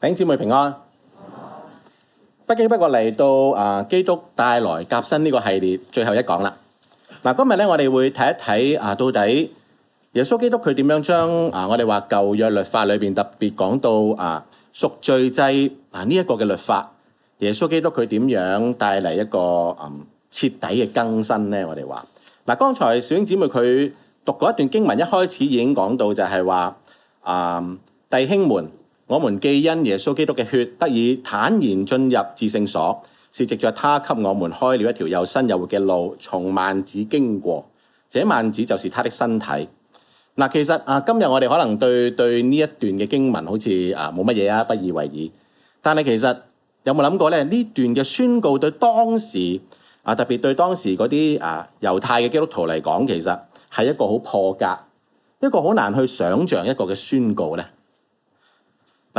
弟兄姊妹平安，不經不覺嚟到啊，基督帶來革新呢個系列最後一講啦。嗱，今日咧，我哋會睇一睇啊，到底耶穌基督佢點樣將啊，我哋話舊約律法裏邊特別講到啊，贖罪祭啊呢一個嘅律法，耶穌基督佢點樣帶嚟一個嗯徹底嘅更新咧？我哋話嗱，剛才小英姊妹佢讀過一段經文，一開始已經講到就係話啊，弟兄們。我們既因耶穌基督嘅血得以坦然進入至聖所，是藉着他給我們開了一條又新又活嘅路，從幔子經過。這幔子就是他的身體。嗱，其實啊，今日我哋可能對對呢一段嘅經文好似啊冇乜嘢啊，不以為意。但係其實有冇諗過咧？呢段嘅宣告對當時啊，特別對當時嗰啲啊猶太嘅基督徒嚟講，其實係一個好破格、一個好難去想象一個嘅宣告呢？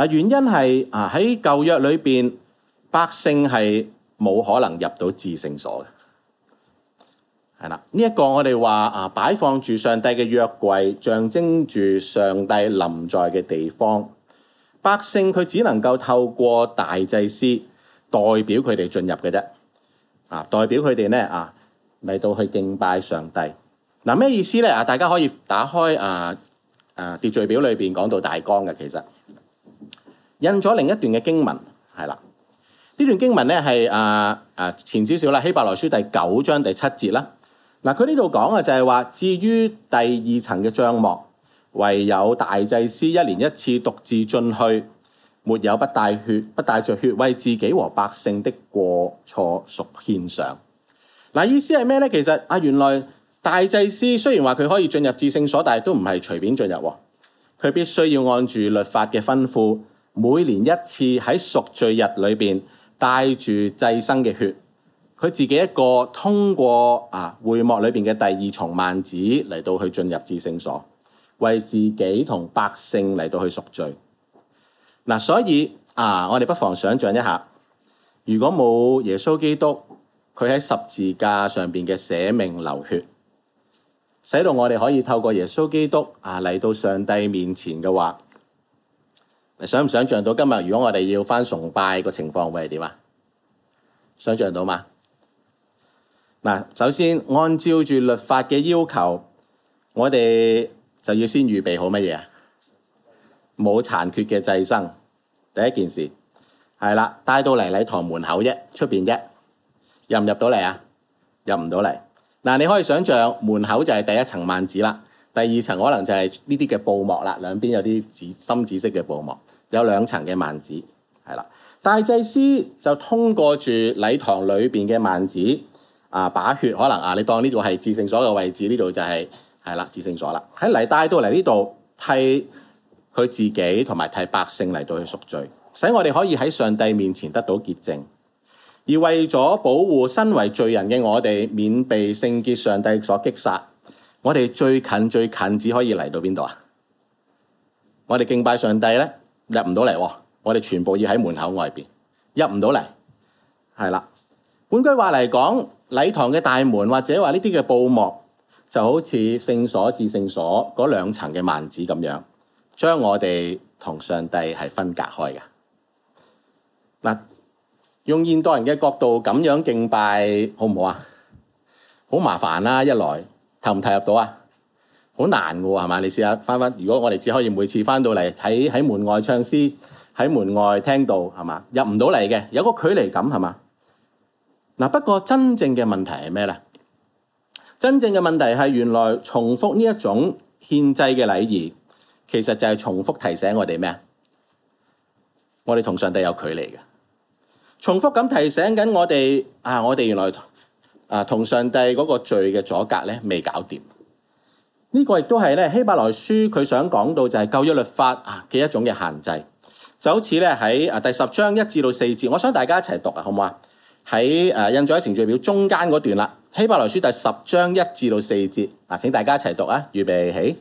嗱，原因係啊，喺舊約裏邊，百姓係冇可能入到至聖所嘅，係啦。呢一個我哋話啊，擺放住上帝嘅約櫃，象徵住上帝臨在嘅地方。百姓佢只能夠透過大祭司代表佢哋進入嘅啫，啊，代表佢哋咧啊嚟到去敬拜上帝嗱，咩、啊、意思咧？啊，大家可以打開啊啊，秩序表裏邊講到大綱嘅其實。印咗另一段嘅經文係啦，呢段經文咧係啊啊，前少少啦，《希伯來書》第九章第七節啦。嗱，佢呢度講嘅就係話，至於第二層嘅帳幕，唯有大祭司一年一次獨自進去，沒有不帶血不帶着血，為自己和百姓的過錯贖獻上。嗱，意思係咩咧？其實啊，原來大祭司雖然話佢可以進入至聖所，但係都唔係隨便進入，佢必須要按住律法嘅吩咐。每年一次喺贖罪日裏邊帶住祭牲嘅血，佢自己一個通過啊會幕裏邊嘅第二重幔子嚟到去進入至聖所，為自己同百姓嚟到去贖罪。嗱，所以啊，我哋不妨想象一下，如果冇耶穌基督，佢喺十字架上邊嘅捨命流血，使到我哋可以透過耶穌基督啊嚟到上帝面前嘅話。你想唔想象到今日如果我哋要翻崇拜個情況會係點啊？想象到嗎？嗱，首先按照住律法嘅要求，我哋就要先預備好乜嘢？冇殘缺嘅祭牲，第一件事係啦，帶到嚟禮堂門口啫，出邊啫，入唔入到嚟啊？入唔到嚟。嗱，你可以想象門口就係第一層幔子啦，第二層可能就係呢啲嘅布幕啦，兩邊有啲紫、深紫色嘅布幕。有兩層嘅幔子，係啦，大祭司就通過住禮堂裏邊嘅幔子啊，把血可能啊，你當呢度係至聖所嘅位置，呢度就係係啦，至聖所啦，喺嚟帶到嚟呢度替佢自己同埋替百姓嚟到去贖罪，使我哋可以喺上帝面前得到潔淨，而為咗保護身為罪人嘅我哋免被聖潔上帝所擊殺，我哋最近最近只可以嚟到邊度啊？我哋敬拜上帝呢。入唔到嚟，我哋全部要喺門口外邊，入唔到嚟，係啦。本句話嚟講，禮堂嘅大門或者話呢啲嘅布幕，就好似聖所至聖所嗰兩層嘅幔子咁樣，將我哋同上帝係分隔開嘅。嗱，用現代人嘅角度咁樣敬拜，好唔好啊？好麻煩啦、啊，一來，投唔投入到啊？好難嘅係嘛？你試下翻翻，如果我哋只可以每次翻到嚟喺喺門外唱詩，喺門外聽到係嘛，入唔到嚟嘅，有個距離感係嘛。嗱，不過真正嘅問題係咩咧？真正嘅問題係原來重複呢一種獻祭嘅禮儀，其實就係重複提醒我哋咩？我哋同上帝有距離嘅，重複咁提醒緊我哋啊！我哋原來啊同上帝嗰個罪嘅阻隔咧，未搞掂。呢、這個亦都係咧，希伯來書佢想講到就係舊約律法啊嘅一種嘅限制，就好似咧喺啊第十章一至到四節，我想大家一齊讀啊，好唔好啊？喺誒印咗喺程序表中間嗰段啦，希伯來書第十章一至到四節啊，請大家一齊讀啊，預備起。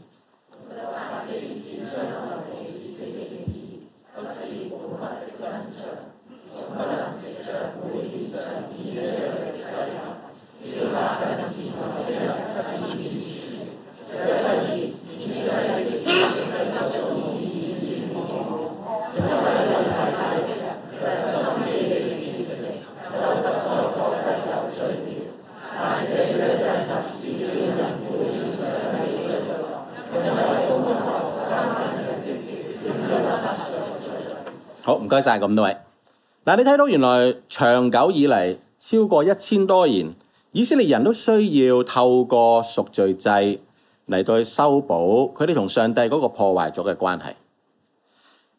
晒咁多位嗱，你睇到原來長久以嚟，超過一千多年，以色列人都需要透過贖罪祭嚟到去修補佢哋同上帝嗰個破壞咗嘅關係，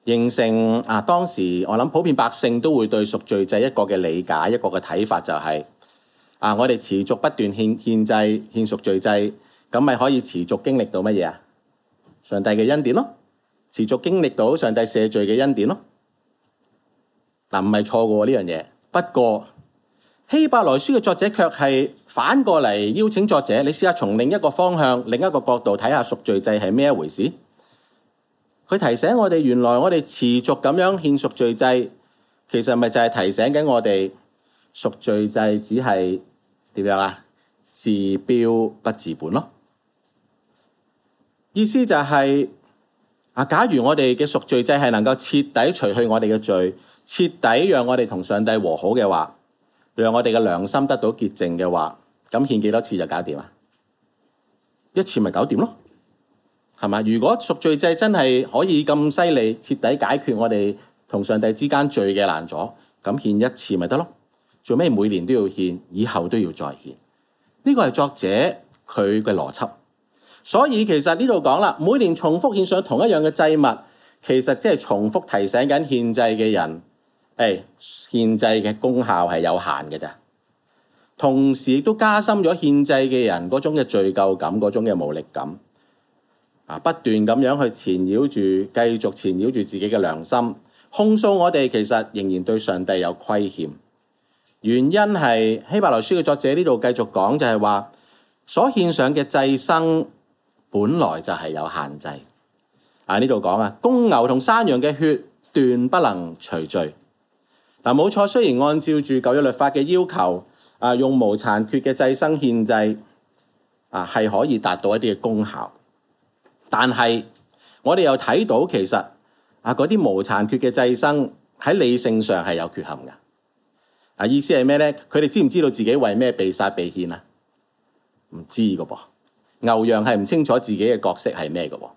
形成啊。當時我諗普遍百姓都會對贖罪祭一個嘅理解，一個嘅睇法就係、是、啊，我哋持續不斷獻獻祭獻贖罪祭，咁咪可以持續經歷到乜嘢啊？上帝嘅恩典咯，持續經歷到上帝赦罪嘅恩典咯。嗱，唔係錯噶呢樣嘢。不過希伯來書嘅作者卻係反過嚟，邀請作者，你試下從另一個方向，另一個角度睇下贖罪祭係咩一回事。佢提醒我哋，原來我哋持續咁樣獻贖罪祭，其實咪就係提醒緊我哋贖罪祭只係點樣啊？治標不治本咯。意思就係啊，假如我哋嘅贖罪祭係能夠徹底除去我哋嘅罪。徹底讓我哋同上帝和好嘅話，讓我哋嘅良心得到潔淨嘅話，咁獻幾多次就搞掂啊？一次咪搞掂咯，係嘛？如果贖罪祭真係可以咁犀利，徹底解決我哋同上帝之間罪嘅難阻，咁獻一次咪得咯？做咩每年都要獻，以後都要再獻？呢個係作者佢嘅邏輯。所以其實呢度講啦，每年重複獻上同一樣嘅祭物，其實即係重複提醒緊獻祭嘅人。誒，獻祭嘅功效係有限嘅，咋同時亦都加深咗獻祭嘅人嗰種嘅罪疚感，嗰種嘅無力感，不斷咁樣去纏繞住，繼續纏繞住自己嘅良心控訴我哋。其實仍然對上帝有虧欠。原因係希伯來書嘅作者呢度繼續講就係話，所獻上嘅祭牲本來就係有限制啊。呢度講啊，公牛同山羊嘅血斷不能除罪。嗱，冇錯，雖然按照住舊約律法嘅要求，啊用無殘缺嘅祭牲獻祭啊係可以達到一啲嘅功效，但係我哋又睇到其實啊嗰啲無殘缺嘅祭牲喺理性上係有缺陷嘅。啊意思係咩咧？佢哋知唔知道自己為咩被殺被獻啊？唔知㗎噃，牛羊係唔清楚自己嘅角色係咩嘅喎，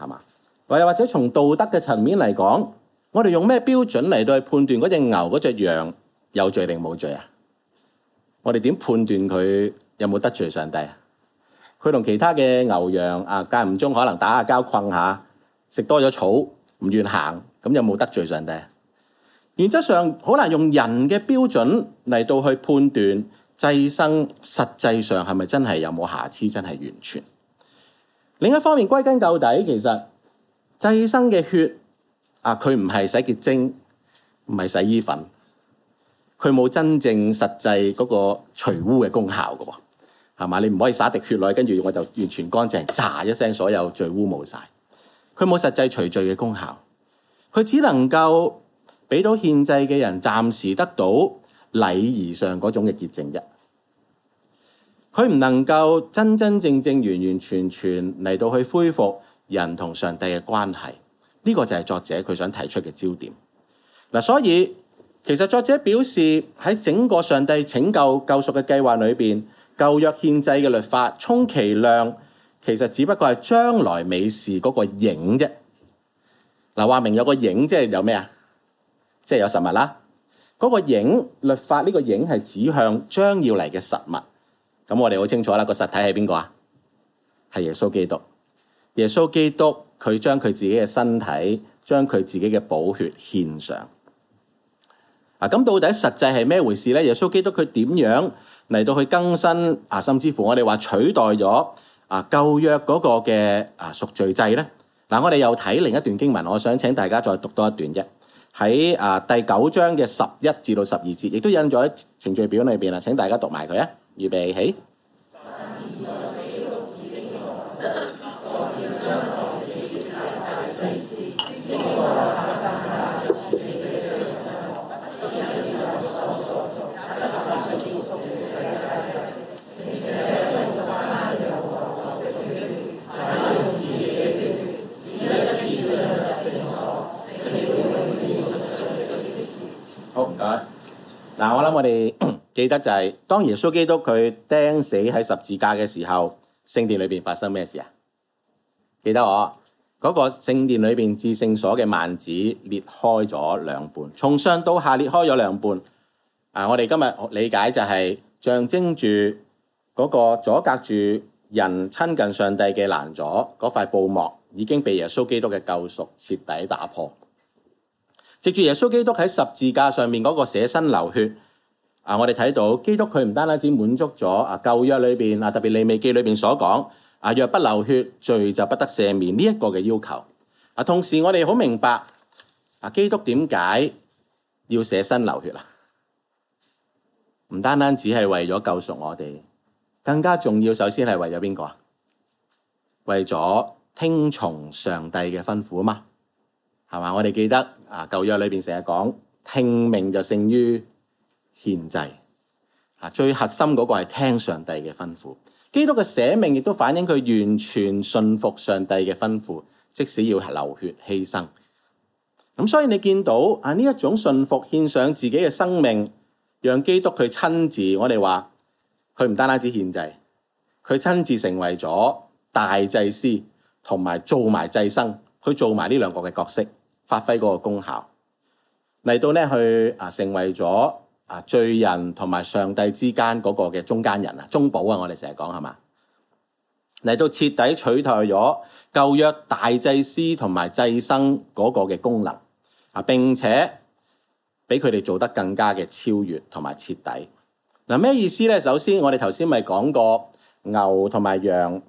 係嘛？或又或者從道德嘅層面嚟講，我哋用咩標準嚟、啊、到去判斷嗰隻牛、嗰隻羊有罪定冇罪啊？我哋點判斷佢有冇得罪上帝啊？佢同其他嘅牛羊啊，間唔中可能打下交、困下，食多咗草，唔願行，咁有冇得罪上帝啊？原則上好難用人嘅標準嚟到去判斷祭牲實際上係咪真係有冇瑕疵，真係完全。另一方面，歸根究底，其實祭牲嘅血。啊！佢唔係洗潔精，唔係洗衣粉，佢冇真正實際嗰個除污嘅功效嘅喎，係嘛？你唔可以撒滴血落去，跟住我就完全乾淨，炸一聲所有罪污冇晒。佢冇實際除罪嘅功效，佢只能夠俾到獻祭嘅人暫時得到禮儀上嗰種嘅潔淨啫。佢唔能夠真真正正完完全全嚟到去恢復人同上帝嘅關係。呢、這個就係作者佢想提出嘅焦點。嗱、啊，所以其實作者表示喺整個上帝拯救救贖嘅計劃裏面，舊約獻祭嘅律法，充其量其實只不過係將來美事嗰個影啫。嗱、啊，話明有個影是有，即係有咩啊？即係有實物啦。嗰、那個影律法呢個影係指向將要嚟嘅實物。咁我哋好清楚啦，那個實體係邊個啊？係耶穌基督。耶穌基督。佢將佢自己嘅身體，將佢自己嘅寶血獻上。啊，咁到底實際係咩回事呢？耶穌基督佢點樣嚟到去更新啊？甚至乎我哋話取代咗啊舊約嗰個嘅啊贖罪祭呢？嗱、啊，我哋又睇另一段經文，我想請大家再讀多一段啫。喺啊第九章嘅十一至到十二節，亦都印咗喺程序表裏面啦。請大家讀埋佢啊，預備起。我哋記得就係、是、當耶穌基督佢釘死喺十字架嘅時候，聖殿裏邊發生咩事啊？記得我嗰、那個聖殿裏邊至聖所嘅幔子裂開咗兩半，從上到下裂開咗兩半。啊！我哋今日理解就係象徵住嗰個阻隔住人親近上帝嘅攔阻嗰塊布幕，已經被耶穌基督嘅救贖徹底打破。藉住耶穌基督喺十字架上面嗰個捨身流血。啊！我哋睇到基督佢唔單單只滿足咗啊舊約裏邊啊特別利未記裏邊所講啊，若不流血罪就不得赦免，呢一個嘅要求。啊同時我哋好明白啊基督點解要捨身流血啊？唔單單只係為咗救贖我哋，更加重要，首先係為咗邊個啊？為咗聽從上帝嘅吩咐啊嘛，係嘛？我哋記得啊舊約裏邊成日講聽命就勝於。獻祭啊，最核心嗰個係聽上帝嘅吩咐。基督嘅捨命亦都反映佢完全信服上帝嘅吩咐，即使要流血犧牲。咁所以你見到啊呢一種信服獻上自己嘅生命，讓基督佢親自。我哋話佢唔單止獻祭，佢親自成為咗大祭司，同埋做埋祭生，去做埋呢兩個嘅角色，發揮嗰個功效嚟到咧去啊成為咗。啊，罪人同埋上帝之間嗰個嘅中間人啊，中保啊，我哋成日講係嘛，嚟到徹底取代咗舊約大祭司同埋祭牲嗰個嘅功能啊，並且俾佢哋做得更加嘅超越同埋徹底。嗱，啊，咩意思咧？首先我哋頭先咪講過牛同埋羊，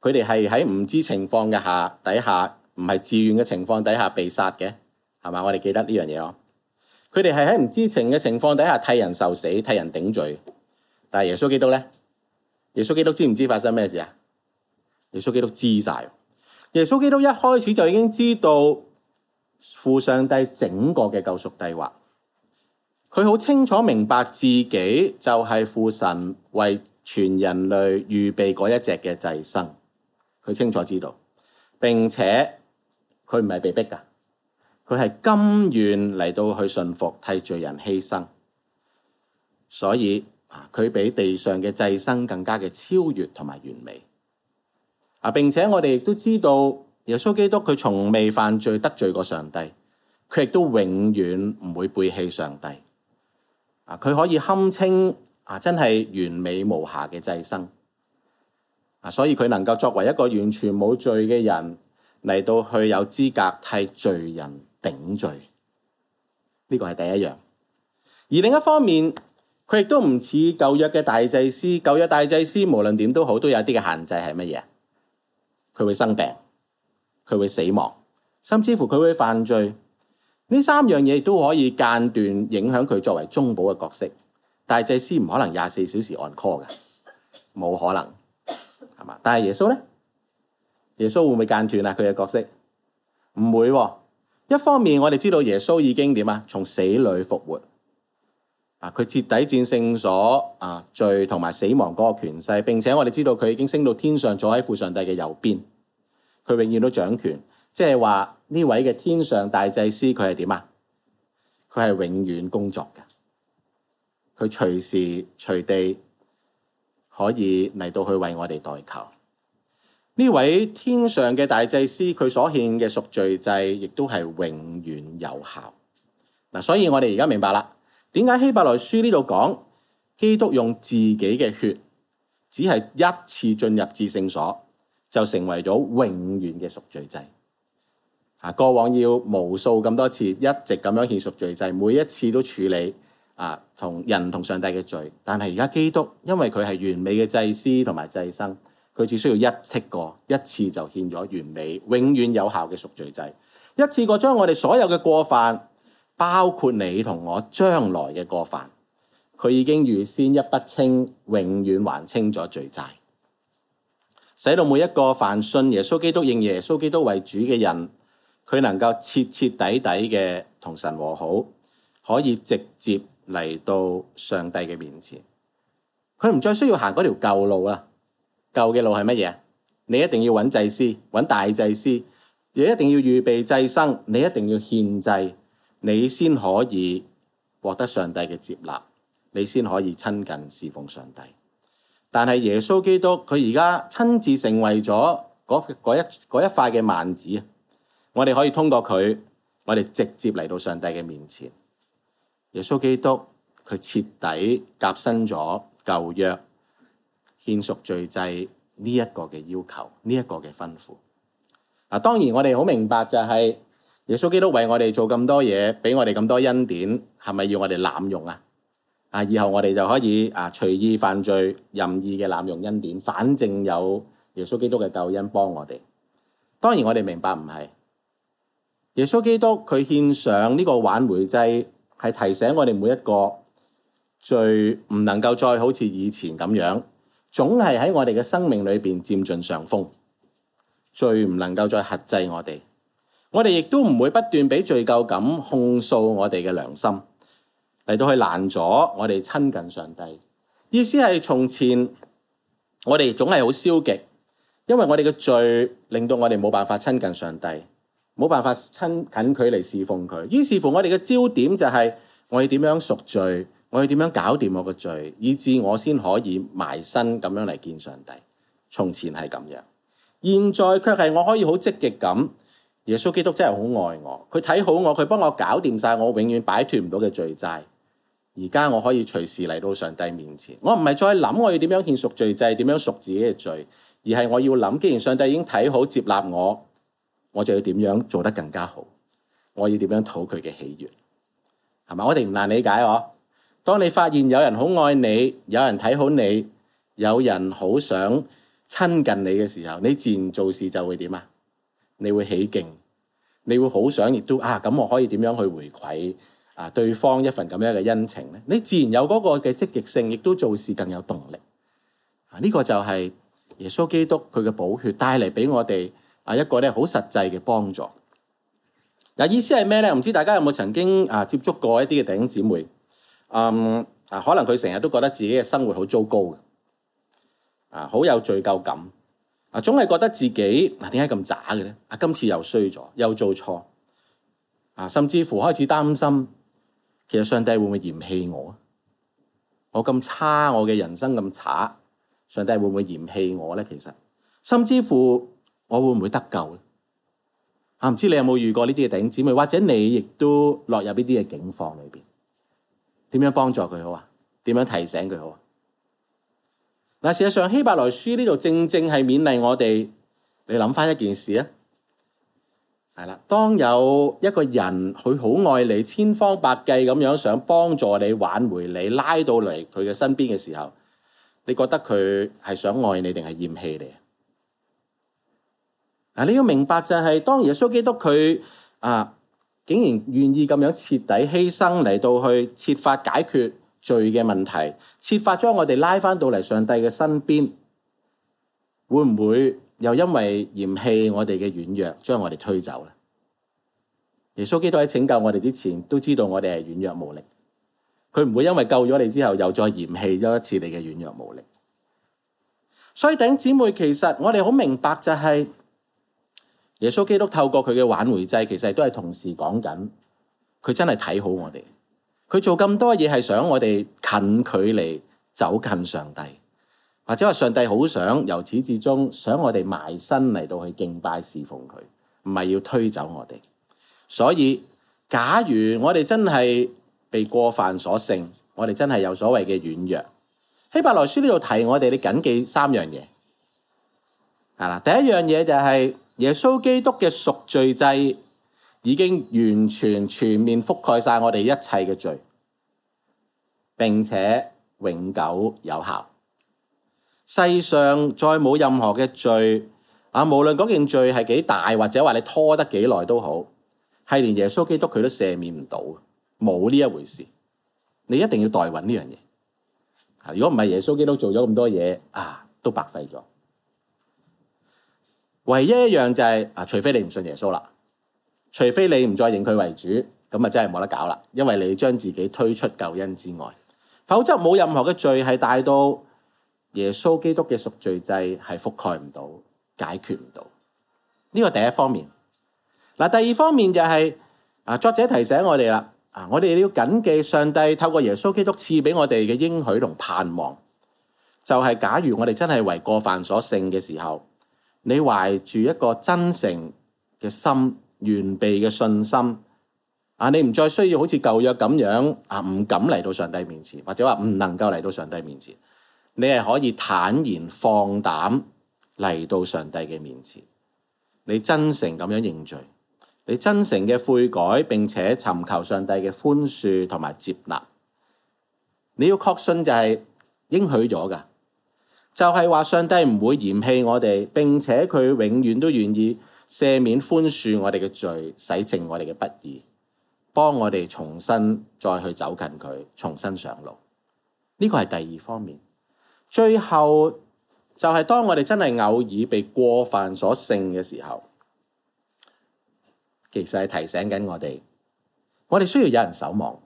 佢哋係喺唔知情況嘅下底下，唔係自願嘅情況底下被殺嘅，係嘛？我哋記得呢樣嘢哦。佢哋係喺唔知情嘅情況底下替人受死、替人頂罪，但係耶穌基督咧，耶穌基督知唔知發生咩事啊？耶穌基督知晒，耶穌基督一開始就已經知道父上帝整個嘅救贖計劃，佢好清楚明白自己就係父神為全人類預備嗰一隻嘅祭牲，佢清楚知道，並且佢唔係被逼噶。佢係甘願嚟到去信服替罪人犧牲，所以啊，佢比地上嘅祭牲更加嘅超越同埋完美啊。並且我哋亦都知道，耶穌基督佢從未犯罪得罪過上帝，佢亦都永遠唔會背棄上帝啊。佢可以堪稱啊，真係完美無瑕嘅祭牲啊，所以佢能夠作為一個完全冇罪嘅人嚟到去有資格替罪人頂罪呢個係第一樣，而另一方面，佢亦都唔似舊約嘅大祭司。舊約大祭司無論點都好，都有啲嘅限制係乜嘢？佢會生病，佢會死亡，甚至乎佢會犯罪。呢三樣嘢都可以間斷影響佢作為中保嘅角色。大祭司唔可能廿四小時按 call 嘅，冇可能係嘛？但係耶穌咧，耶穌會唔會間斷啊？佢嘅角色唔會。一方面，我哋知道耶穌已經點啊？從死裏復活啊！佢徹底戰勝咗啊罪同埋死亡嗰個權勢，並且我哋知道佢已經升到天上，坐喺父上帝嘅右邊，佢永遠都掌權。即係話呢位嘅天上大祭司他是怎樣，佢係點啊？佢係永遠工作㗎，佢隨時隨地可以嚟到去為我哋代求。呢位天上嘅大祭司，佢所獻嘅贖罪祭亦都係永遠有效。嗱，所以我哋而家明白啦，點解希伯來書呢度講，基督用自己嘅血，只係一次進入至聖所，就成為咗永遠嘅贖罪祭。啊，過往要無數咁多次，一直咁樣獻贖罪祭，每一次都處理啊，同人同上帝嘅罪。但係而家基督，因為佢係完美嘅祭司同埋祭牲。佢只需要一剔過一次就獻咗完美、永遠有效嘅贖罪祭，一次過將我哋所有嘅過犯，包括你同我將來嘅過犯，佢已經預先一筆清，永遠還清咗罪債，使到每一個凡信耶穌基督、認耶穌基督為主嘅人，佢能夠徹徹底底嘅同神和好，可以直接嚟到上帝嘅面前，佢唔再需要行嗰條舊路啦。舊嘅路係乜嘢？你一定要揾祭司，揾大祭司，又一定要預備祭牲，你一定要獻祭，你先可以獲得上帝嘅接納，你先可以親近侍奉上帝。但係耶穌基督佢而家親自成為咗嗰一嗰一塊嘅幔子，我哋可以通過佢，我哋直接嚟到上帝嘅面前。耶穌基督佢徹底革新咗舊約。獻贖罪祭呢一個嘅要求，呢一個嘅吩咐嗱。當然我哋好明白就係耶穌基督為我哋做咁多嘢，俾我哋咁多恩典，係咪要我哋濫用啊？啊，以後我哋就可以啊隨意犯罪、任意嘅濫用恩典，反正有耶穌基督嘅救恩幫我哋。當然我哋明白唔係，耶穌基督佢獻上呢個挽回祭，係提醒我哋每一個罪唔能夠再好似以前咁樣，總係喺我哋嘅生命裏邊佔盡上風，罪唔能夠再克制我哋，我哋亦都唔會不斷俾罪疚感控訴我哋嘅良心，嚟到去攔咗我哋親近上帝。意思係從前我哋總係好消極，因為我哋嘅罪令到我哋冇辦法親近上帝，冇辦法親近佢嚟侍奉佢。於是乎，我哋嘅焦點就係、是、我哋點樣贖罪。我要點樣搞掂我個罪，以至我先可以埋身咁樣嚟見上帝。從前係咁樣，現在卻係我可以好積極咁。耶穌基督真係好愛我，佢睇好我，佢幫我搞掂晒我永遠擺脫唔到嘅罪債。而家我可以隨時嚟到上帝面前，我唔係再諗我要點樣獻贖罪債，點、就是、樣贖自己嘅罪，而係我要諗，既然上帝已經睇好接納我，我就要點樣做得更加好。我要點樣討佢嘅喜悅，係咪？我哋唔難理解我。當你發現有人好愛你，有人睇好你，有人好想親近你嘅時候，你自然做事就會點啊？你會起勁，你會好想，亦都啊，咁我可以點樣去回饋啊，對方一份咁樣嘅恩情咧？你自然有嗰個嘅積極性，亦都做事更有動力。啊，呢個就係耶穌基督佢嘅寶血帶嚟俾我哋啊，一個咧，好實際嘅幫助。嗱，啊，意思係咩咧？唔知大家有冇曾經啊接觸過一啲嘅弟兄姊妹？嗯、um，啊，可能佢成日都覺得自己嘅生活好糟糕嘅，啊，好有罪疚感，啊，總係覺得自己，啊，點解咁渣嘅咧？啊，今次又衰咗，又做錯，啊，甚至乎開始擔心，其實上帝會唔會嫌棄我啊？我咁差，我嘅人生咁差，上帝會唔會嫌棄我咧？其實，甚至乎我會唔會得救咧？啊，唔，啊，唔知道你有冇遇過呢啲嘅弟兄姊妹，或者你亦都落入呢啲嘅境況裏邊？點樣幫助佢好啊？點樣提醒佢好啊？嗱，事實上希伯來書呢度正正係勉勵我哋。你諗翻一件事啊，係啦，當有一個人佢好愛你，千方百計咁樣想幫助你挽回你，拉到嚟佢嘅身邊嘅時候，你覺得佢係想愛你定係厭棄你啊？你要明白就係、是，當耶穌基督佢啊。竟然願意咁樣徹底犧牲嚟到去，設法解決罪嘅問題，設法將我哋拉返到嚟上帝嘅身邊，會唔會又因為嫌棄我哋嘅軟弱，將我哋推走呢？耶穌基督喺拯救我哋之前，都知道我哋係軟弱無力，佢唔會因為救咗你之後，又再嫌棄咗一次你嘅軟弱無力。所以頂姊妹，其實我哋好明白就係、是。耶穌基督透過佢嘅挽回祭，其實都係同時講緊，佢真係睇好我哋。佢做咁多嘢係想我哋近距離走近上帝，或者話上帝好想由始至終想我哋埋身嚟到去敬拜侍奉佢，唔係要推走我哋。所以假如我哋真係被過犯所勝，我哋真係有所謂嘅軟弱。希伯來書呢度提我哋，你緊記三樣嘢，係啦，第一樣嘢就係。耶穌基督嘅贖罪祭已經完全、全面覆蓋晒我哋一切嘅罪，並且永久有效。世上再冇任何嘅罪啊，無論嗰件罪係幾大，或者話你拖得幾耐都好，係連耶穌基督佢都赦免唔到，冇呢一回事。你一定要代運呢樣嘢。如果唔係，不耶穌基督做咗咁多嘢啊，都白費咗。唯一一樣就係、是、啊，除非你唔信耶穌啦，除非你唔再認佢為主，咁啊真係冇得搞啦，因為你將自己推出救恩之外，否則冇任何嘅罪係大到耶穌基督嘅贖罪祭係覆蓋唔到、解決唔到。呢、這個第一方面。嗱，第二方面就係、是、啊，作者提醒我哋啦，啊，我哋要謹記上帝透過耶穌基督賜俾我哋嘅應許同盼望，就係、是、假如我哋真係為過犯所勝嘅時候。你懷住一個真誠嘅心、完備嘅信心，啊，你唔再需要好似舊約咁樣啊，唔敢嚟到上帝面前，或者話唔能夠嚟到上帝面前，你係可以坦然放膽嚟到上帝嘅面前，你真誠咁樣認罪，你真誠嘅悔改，並且尋求上帝嘅寬恕同埋接納，你要確信就係應許咗噶。就係、是、話上帝唔會嫌棄我哋，並且佢永遠都願意赦免寬恕我哋嘅罪，洗淨我哋嘅不義，幫我哋重新再去走近佢，重新上路。呢、這個係第二方面。最後就係當我哋真係偶爾被過犯所勝嘅時候，其實係提醒緊我哋，我哋需要有人守望，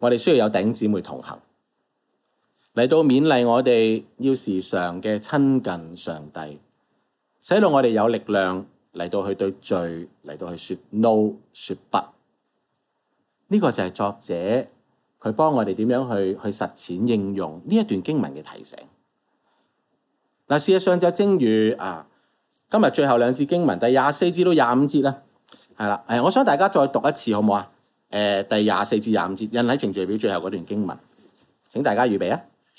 我哋需要有頂姊妹同行，嚟到勉勵我哋要時常嘅親近上帝，使到我哋有力量嚟到去對罪嚟到去說 no 說不呢、呢個就係作者佢幫我哋點樣去去實踐應用呢一段經文嘅提醒嗱。事實上就正如啊今日最後兩節經文第廿四至到廿五節啦，係啦誒，我想大家再讀一次好唔好啊？誒，第廿四至廿五節印喺程序表最後嗰段經文，請大家預備啊！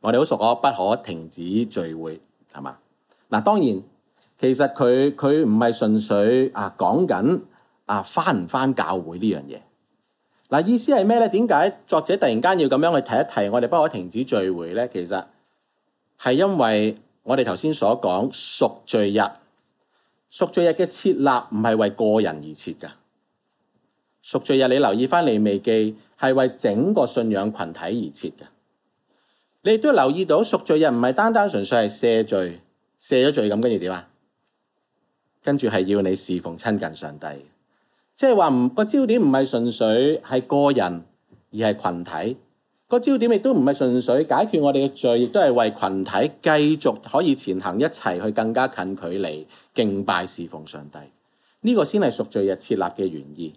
我哋好熟嗰，不可停止聚會，係嘛？嗱，當然，其實佢佢唔係純粹啊講緊啊翻唔翻教會呢樣嘢。嗱，啊，意思係咩咧？點解作者突然間要咁樣去提一提我哋不可停止聚會咧？其實係因為我哋頭先所講贖罪日，贖罪日嘅設立唔係為個人而設噶，贖罪日你留意翻利未記，係為整個信仰群體而設嘅。你都留意到贖罪日唔係單單純粹係赦罪，赦咗罪咁跟住點啊？跟住係要你侍奉親近上帝，即係話唔個焦點唔係純粹係個人，而係群體。個焦點亦都唔係純粹解決我哋嘅罪，亦都係為群體繼續可以前行一齊去更加近距離敬拜侍奉上帝。呢個先係贖罪日設立嘅原意。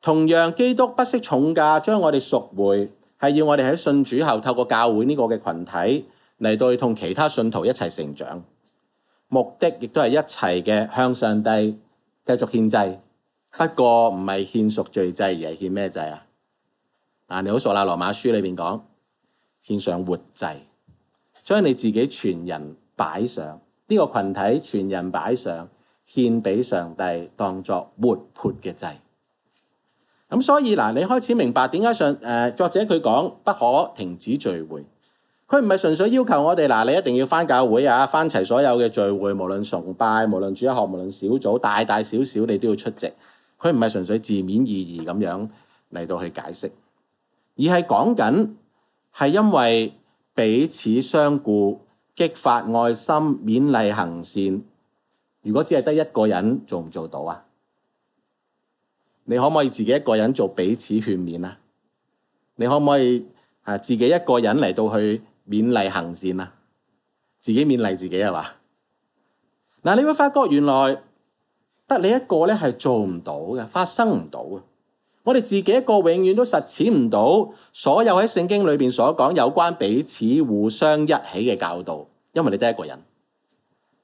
同樣，基督不惜重價將我哋贖回。係要我哋喺信主後，透過教會呢個嘅群體嚟到同其他信徒一齊成長，目的亦都係一齊嘅向上帝繼續獻祭。不過唔係獻贖罪祭，而係獻咩祭啊？啊，你好熟啦，《羅馬書》裏邊講獻上活祭，將你自己全人擺上，呢個群體全人擺上，獻俾上帝當作活潑嘅祭。咁所以嗱，你開始明白點解上作者佢講不可停止聚會，佢唔係純粹要求我哋嗱，你一定要返教會啊，返齊所有嘅聚會，無論崇拜，無論主日學，無論小組，大大小小你都要出席。佢唔係純粹字面意義咁樣嚟到去解釋，而係講緊係因為彼此相顧，激發愛心，勉勵行善。如果只係得一個人，做唔做到啊？你可唔可以自己一個人做彼此勸勉啊？你可唔可以啊自己一個人嚟到去勉勵行善啊？自己勉勵自己係嘛？嗱，你會發覺原來得你一個咧係做唔到嘅，發生唔到嘅。我哋自己一個永遠都實踐唔到所有喺聖經裏邊所講有關彼此互相一起嘅教導，因為你得一個人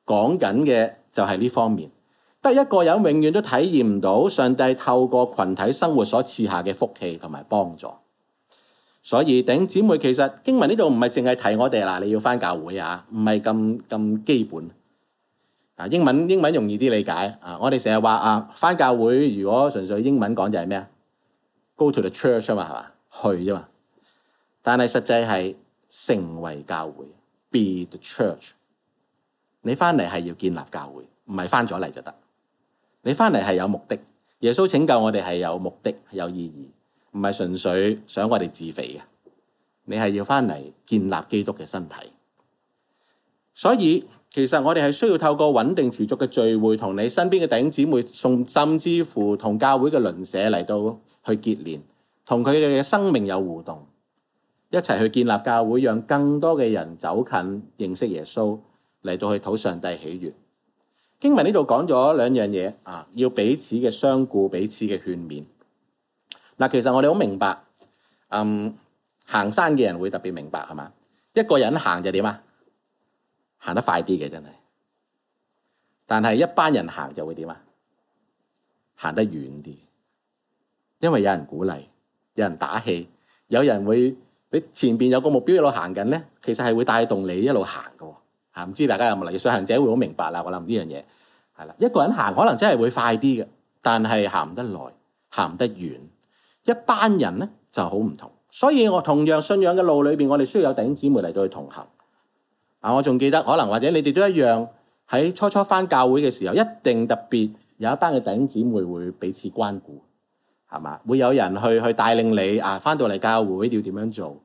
講緊嘅就係呢方面。即係一個人永遠都體驗唔到上帝透過群體生活所賜下嘅福氣同埋幫助，所以頂姊妹，其實經文呢度唔係淨係提我哋啦，你要翻教會啊，唔係咁咁基本啊。英文英文容易啲理解啊。我哋成日話啊，翻教會如果純粹英文講就係咩啊？Go to the church 啊嘛，係嘛去啫嘛，但係實際係成為教會，be the church。你翻嚟係要建立教會，唔係翻咗嚟就得。你翻嚟係有目的，耶穌拯救我哋係有目的，係有意義，唔係純粹想我哋自肥嘅。你係要翻嚟建立基督嘅身體，所以其實我哋係需要透過穩定持續嘅聚會，同你身邊嘅弟兄姊妹送，送甚至乎同教會嘅鄰舍嚟到去結連，同佢哋嘅生命有互動，一齊去建立教會，讓更多嘅人走近認識耶穌，嚟到去討上帝喜悅。經文呢度講咗兩樣嘢，啊，要彼此嘅相顧，彼此嘅勸勉。嗱、啊，其實我哋好明白，嗯，行山嘅人會特別明白係嘛？一個人行就點啊？行得快啲嘅真係，但係一班人行就會點啊？行得遠啲，因為有人鼓勵，有人打氣，有人會你前面有個目標一路行緊咧，其實係會帶動你一路行㗎。吓、啊！唔知大家有冇留意，上行者會好明白啦。我諗呢樣嘢係啦，一個人行可能真係會快啲嘅，但係行唔得耐，行唔得遠。一班人咧就好唔同，所以我同樣信仰嘅路裏邊，我哋需要有弟兄姊妹嚟到去同行。啊，我仲記得，可能或者你哋都一樣，喺初初返教會嘅時候，一定特別有一班嘅弟兄姊妹會彼此關顧，係嘛？會有人去去帶領你啊，返到嚟教會要點樣做？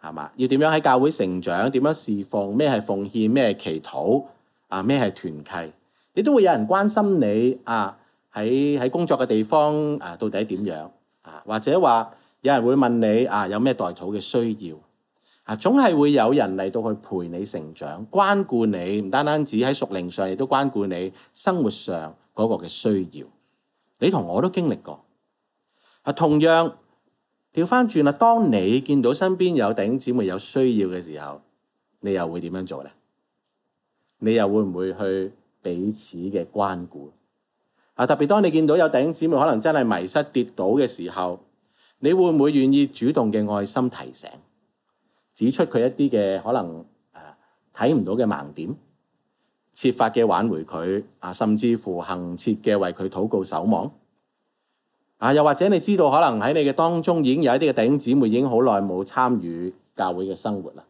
係嘛？要點樣喺教會成長？點樣侍奉？咩係奉獻？咩係祈禱？啊，咩係團契？你都會有人關心你啊！喺喺工作嘅地方啊，到底點樣啊？或者話有人會問你啊，有咩代禱嘅需要啊？總係會有人嚟到去陪你成長，關顧你。唔單單只喺屬靈上，亦都關顧你生活上嗰個嘅需要。你同我都經歷過啊，同樣。調翻轉啦，當你見到身邊有弟兄姊妹有需要嘅時候，你又會點樣做呢？你又會唔會去彼此嘅關顧？啊，特別當你見到有弟兄姊妹可能真係迷失跌倒嘅時候，你會唔會願意主動嘅愛心提醒，指出佢一啲嘅可能睇唔到嘅盲點，設法嘅挽回佢啊，甚至乎行切嘅為佢禱告守望。啊，又或者你知道，可能喺你嘅當中已經有一啲嘅弟兄姊妹已經好耐冇參與教會嘅生活啦。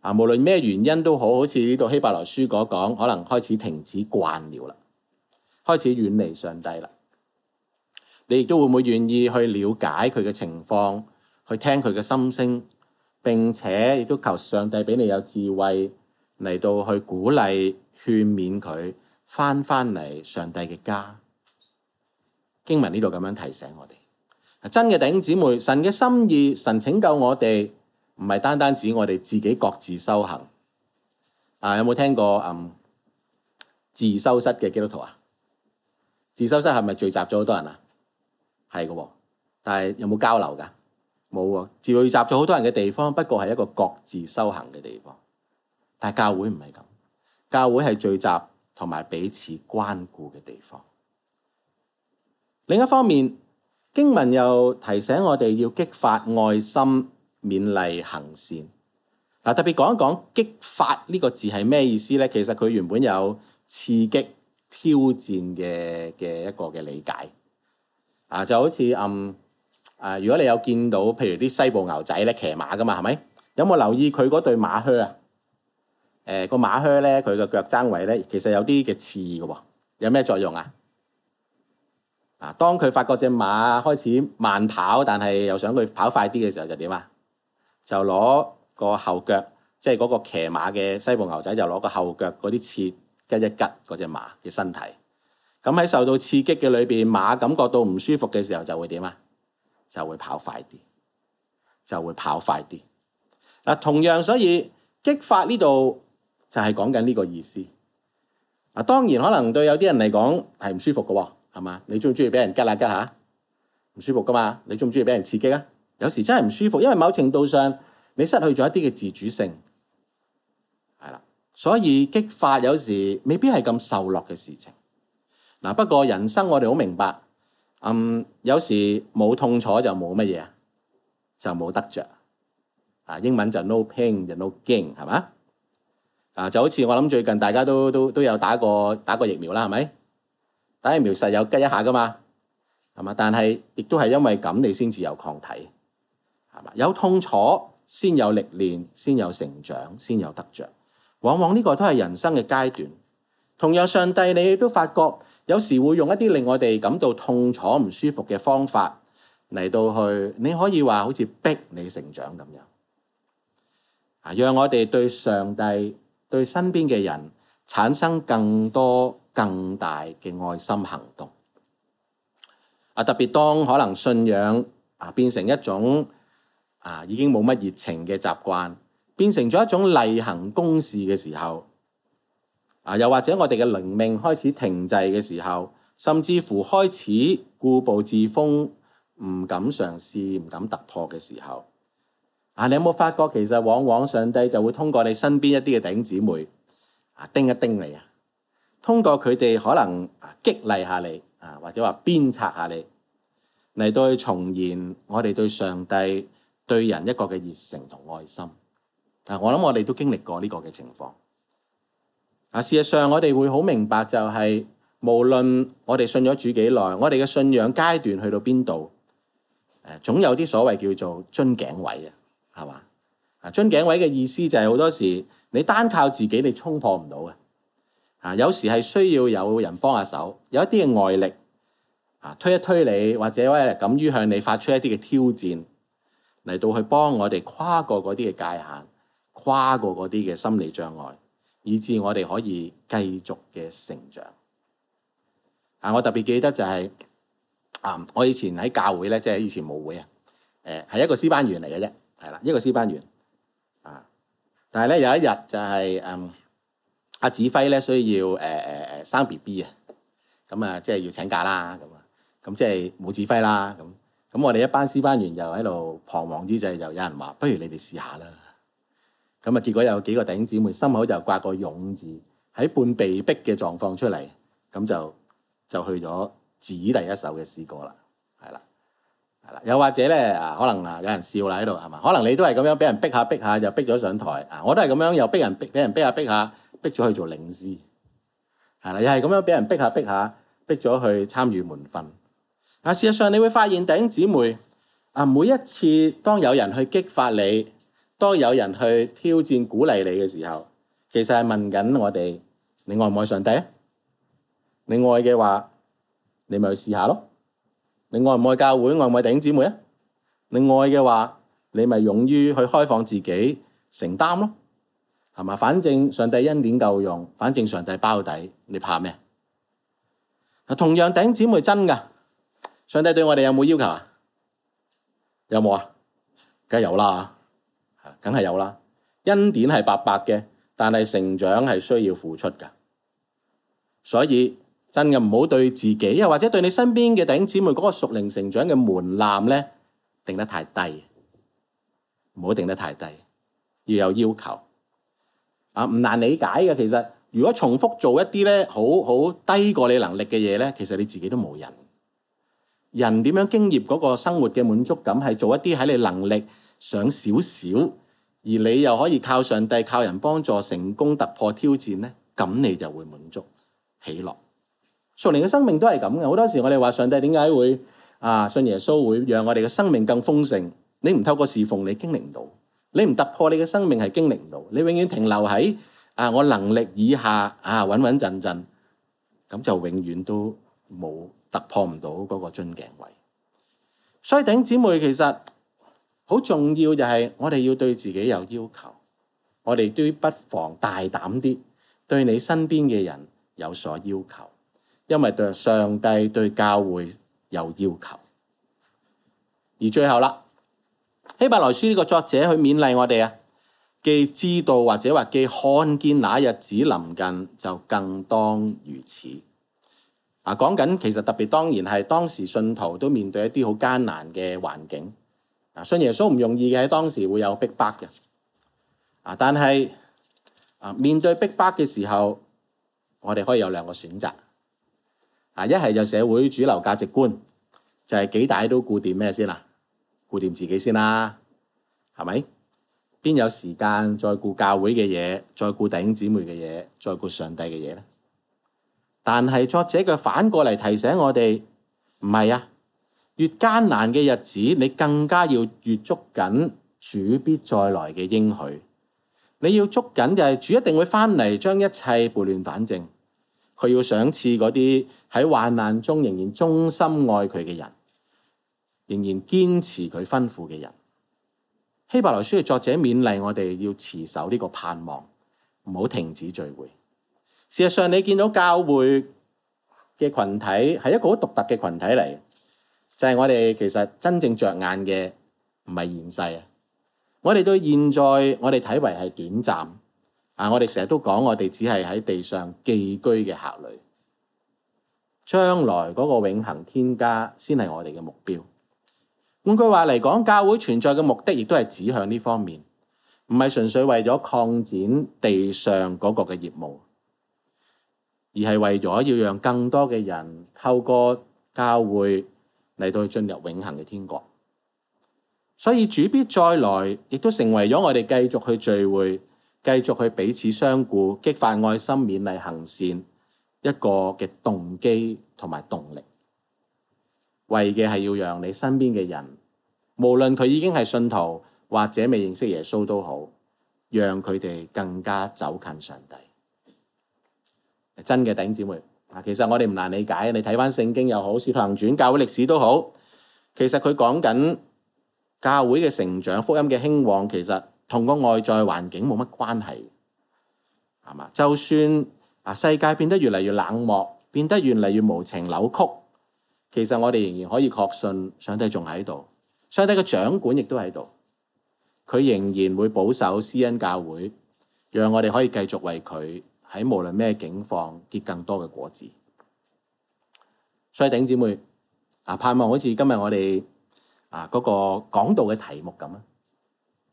啊，無論咩原因都好，好似呢度希伯來書嗰講，可能開始停止慣了啦，開始遠離上帝啦。你亦都會唔會願意去了解佢嘅情況，去聽佢嘅心聲，並且亦都求上帝俾你有智慧嚟到去鼓勵勸勉佢翻翻嚟上帝嘅家。經文呢度咁樣提醒我哋，真嘅弟兄姊妹，神嘅心意，神拯救我哋，唔係單單指我哋自己各自修行啊。有冇聽過嗯自修室嘅基督徒啊？自修室係咪聚集咗好多人啊？係嘅。哦，但係有冇交流噶冇啊，聚集咗好多人嘅地方，不過係一個各自修行嘅地方。但係教會唔係咁，教會係聚集同埋彼此關顧嘅地方。另一方面，經文又提醒我哋要激發愛心，勉勵行善。嗱，特別講一講激發呢個字係咩意思咧？其實佢原本有刺激、挑戰嘅嘅一個嘅理解。啊，就好似嗯啊，如果你有見到，譬如啲西部牛仔咧騎馬噶嘛，係咪？有冇留意佢嗰對馬靴啊？誒、呃，個馬靴咧，佢個腳踭位咧，其實有啲嘅刺噶，有咩作用啊？啊！當佢發覺隻馬開始慢跑，但係又想佢跑快啲嘅時候就怎麼樣，就點啊？就攞、是、個後腳，即係嗰個騎馬嘅西部牛仔，就攞個後腳嗰啲刺拮一拮嗰隻馬嘅身體。咁喺受到刺激嘅裏邊，馬感覺到唔舒服嘅時候就會點啊？就會跑快啲，就會跑快啲。嗱，同樣所以激發呢度就係講緊呢個意思。嗱，當然可能對有啲人嚟講係唔舒服嘅。係嘛？你中唔中意俾人吉下吉下？唔舒服噶嘛？你中唔中意俾人刺激啊？有時真係唔舒服，因為某程度上你失去咗一啲嘅自主性，係啦。所以激發有時未必係咁受落嘅事情。嗱，不過人生我哋好明白，嗯，有時冇痛楚就冇乜嘢，就冇得着。啊，英文就 no pain 就 no gain，係嘛？啊，就好似我諗最近大家都都都有打過打過疫苗啦，係咪？打疫苗實有吉一下噶嘛，係嘛？但係亦都係因為咁，你先至有抗體，係嘛？有痛楚先有歷練，先有成長，先有得着。往往呢個都係人生嘅階段。同樣上帝，你亦都發覺，有時會用一啲令我哋感到痛楚、唔舒服嘅方法嚟到去，你可以話好似逼你成長咁樣。啊，讓我哋對上帝、對身邊嘅人產生更多，更大嘅愛心行動啊！特別當可能信仰啊變成一種啊已經冇乜熱情嘅習慣，變成咗一種例行公事嘅時候啊，又或者我哋嘅靈命開始停滯嘅時候，甚至乎開始固步自封，唔敢嘗試，唔敢突破嘅時候啊，你有冇發覺其實往往上帝就會通過你身邊一啲嘅弟兄姊妹啊，叮一叮你啊！通過佢哋可能激勵下你啊，或者話鞭策下你，嚟到去重現我哋對上帝、對人一個嘅熱誠同愛心。啊，我諗我哋都經歷過呢個嘅情況。啊，事實上我哋會好明白、就是，就係無論我哋信咗主幾耐，我哋嘅信仰階段去到邊度，誒，總有啲所謂叫做樽頸位啊，係嘛啊？樽頸位嘅意思就係、是、好多時候你單靠自己，你衝破唔到嘅。啊，有時係需要有人幫下手，有一啲嘅外力啊，推一推你，或者係敢於向你發出一啲嘅挑戰，嚟到去幫我哋跨過嗰啲嘅界限，跨過嗰啲嘅心理障礙，以致我哋可以繼續嘅成長。啊，我特別記得就係、是、啊，我以前喺教會咧，即、就、係、是、以前舞會啊，誒係一個師班員嚟嘅啫，係啦，一個師班員啊，但係咧有一日就係、是、嗯。阿子輝指揮咧，需要誒誒誒生 B B 啊，咁啊即係要請假啦，咁啊咁即係冇指揮啦，咁咁我哋一班詩班員又喺度彷徨之際，又有人話：不如你哋試下啦。咁啊，結果有幾個頂姊妹心口就掛個勇字，喺半被逼嘅狀況出嚟，咁就就去咗指第一首嘅詩歌啦，係啦，係啦。又或者咧啊，可能啊有人笑啦喺度係嘛？可能你都係咁樣俾人逼下逼下，又逼咗上台啊！我都係咁樣又逼人逼俾人逼下逼下。逼咗去做領事，係啦，又係咁樣俾人逼下逼下，逼咗去參與門訓。啊，事實上你會發現弟兄姊妹啊，每一次當有人去激發你，當有人去挑戰鼓勵你嘅時候，其實係問緊我哋：你愛唔愛上帝啊？你愛嘅話，你咪去試下咯。你愛唔愛教會？愛唔愛弟兄姊妹啊？你愛嘅話，你咪勇於去開放自己，承擔咯。係嘛？反正上帝恩典夠用，反正上帝包底，你怕咩？啊，同樣頂姊妹真噶，上帝對我哋有冇要求啊？有冇啊？梗係有啦，梗係有啦。恩典係白白嘅，但係成長係需要付出噶。所以真嘅唔好對自己，又或者對你身邊嘅頂姊妹嗰個屬靈成長嘅門檻咧，定得太低，唔好定得太低，要有要求。啊，唔難理解嘅。其實如果重複做一啲咧，好好低過你能力嘅嘢咧，其實你自己都冇人。人點樣經驗嗰個生活嘅滿足感，係做一啲喺你能力上少少，而你又可以靠上帝、靠人幫助成功突破挑戰咧，咁你就會滿足喜樂。上年嘅生命都係咁嘅。好多時我哋話，上帝點解會啊，信耶穌會讓我哋嘅生命更豐盛？你唔透過侍奉，你經歷唔到。你唔突破你嘅生命係經歷唔到，你永遠停留喺啊我能力以下啊穩穩陣陣，咁就永遠都冇突破唔到嗰個樽頸位。所以弟兄姊妹，其實好重要就係我哋要對自己有要求，我哋都不妨大膽啲對你身邊嘅人有所要求，因為對上帝對教會有要求。而最後啦。希伯來書呢個作者去勉勵我哋啊，既知道或者話既看見那日子臨近，就更當如此。啊，講緊其實特別當然係當時信徒都面對一啲好艱難嘅環境。啊，信耶穌唔容易嘅，喺當時會有逼迫嘅。啊，但係啊面對逼迫嘅時候，我哋可以有兩個選擇。啊，一係就社會主流價值觀，就係、是、幾大都顧掂咩先啦。顧掂自己先啦，啊，係咪？邊有時間再顧教會嘅嘢，再顧弟兄姊妹嘅嘢，再顧上帝嘅嘢咧？但係作者佢反過嚟提醒我哋，唔係啊！越艱難嘅日子，你更加要越捉緊主必再來嘅應許。你要捉緊嘅，係主一定會翻嚟，將一切撥亂反正。佢要賞賜嗰啲喺患難中仍然忠心愛佢嘅人。仍然堅持佢吩咐嘅人，《希伯來書》嘅作者勉勵我哋要持守呢個盼望，唔好停止聚會。事實上，你見到教會嘅群體係一個好獨特嘅群體嚟，就係我哋其實真正着眼嘅唔係現世啊！我哋對現在，我哋睇為係短暫啊！我哋成日都講，我哋只係喺地上寄居嘅客旅，將來嗰個永恆天家先係我哋嘅目標。換句話嚟講，教會存在嘅目的，亦都係指向呢方面，唔係純粹為咗擴展地上嗰個嘅業務，而係為咗要讓更多嘅人透過教會嚟到進入永恒嘅天國。所以主必再來，亦都成為咗我哋繼續去聚會、繼續去彼此相顧、激發愛心、勉勵行善一個嘅動機同埋動力。為嘅係要讓你身邊嘅人，無論佢已經係信徒或者未認識耶穌都好，讓佢哋更加走近上帝。真嘅弟兄姊妹嗱，其實我哋唔難理解。你睇返聖經又好，使徒行傳教會歷史都好，其實佢講緊教會嘅成長、福音嘅興旺，其實同個外在環境冇乜關係，係嘛？就算啊，世界變得越嚟越冷漠，變得越嚟越無情扭曲。其實我哋仍然可以確信上，上帝仲喺度，上帝嘅掌管亦都喺度，佢仍然會保守私恩教會，讓我哋可以繼續為佢喺無論咩境況結更多嘅果子。所以頂姐妹啊，盼望好似今日我哋啊嗰個講道嘅題目咁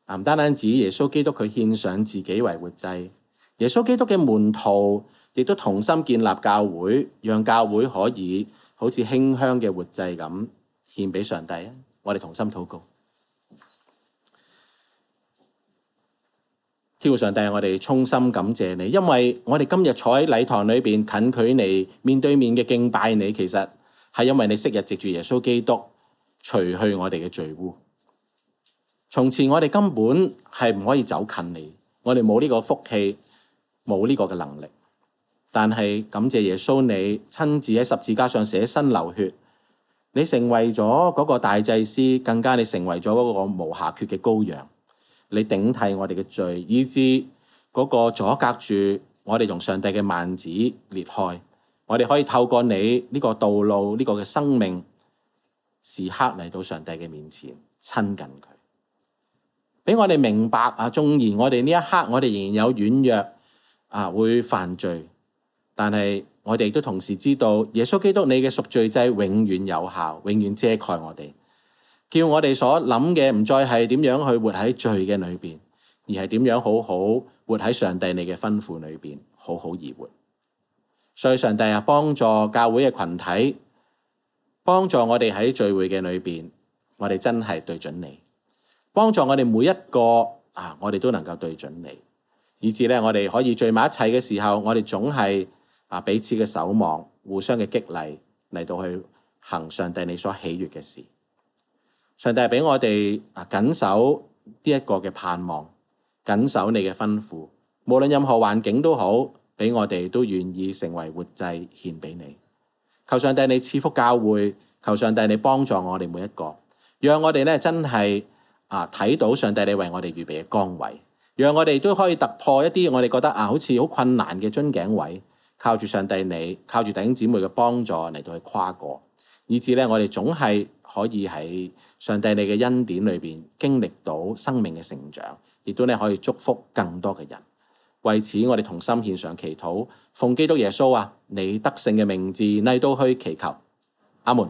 啊，唔單單指耶穌基督佢獻上自己為活祭，耶穌基督嘅門徒亦都同心建立教會，讓教會可以。好似馨香嘅活祭咁獻俾上帝啊！我哋同心禱告，天父上帝，我哋衷心感謝你，因為我哋今日坐喺禮堂裏邊近距離面對面嘅敬拜你，其實係因為你昔日藉住耶穌基督除去我哋嘅罪污，從前我哋根本係唔可以走近你，我哋冇呢個福氣，冇呢個嘅能力。但係感謝耶穌你，你親自喺十字架上捨身流血,你成為咗嗰個大祭司，更加你成為咗嗰個無瑕缺嘅羔羊，你頂替我哋嘅罪，以至嗰個阻隔住我哋同上帝嘅幔子裂開，我哋可以透過你呢個道路，呢個嘅生命時刻嚟到上帝嘅面前親近佢，俾我哋明白啊。縱然我哋呢一刻，我哋仍然有軟弱啊，會犯罪。但係我哋都同時知道，耶穌基督你嘅贖罪祭永遠有效，永遠遮蓋我哋，叫我哋所諗嘅唔再係點樣去活喺罪嘅裏邊，而係點樣好好活喺上帝你嘅吩咐裏邊，好好而活。所以上帝啊，幫助教會嘅群體，幫助我哋喺聚會嘅裏邊，我哋真係對準你，幫助我哋每一個啊，我哋都能夠對準你，以致咧我哋可以聚埋一齊嘅時候，我哋總係。啊！彼此嘅守望，互相嘅激勵，嚟到去行上帝你所喜悅嘅事。上帝俾我哋啊，緊守呢一個嘅盼望，緊守你嘅吩咐，無論任何環境都好，俾我哋都願意成為活祭獻俾你。求上帝你賜福教會，求上帝你幫助我哋每一個，讓我哋咧真係啊睇到上帝你為我哋預備嘅崗位，讓我哋都可以突破一啲我哋覺得啊好似好困難嘅樽頸位。靠住上帝你，靠住弟兄姊妹嘅幫助嚟到去跨過，以至咧我哋總係可以喺上帝你嘅恩典裏邊經歷到生命嘅成長，亦都咧可以祝福更多嘅人。為此，我哋同心獻上祈禱，奉基督耶穌啊，你得勝嘅名字，你都去祈求，阿門。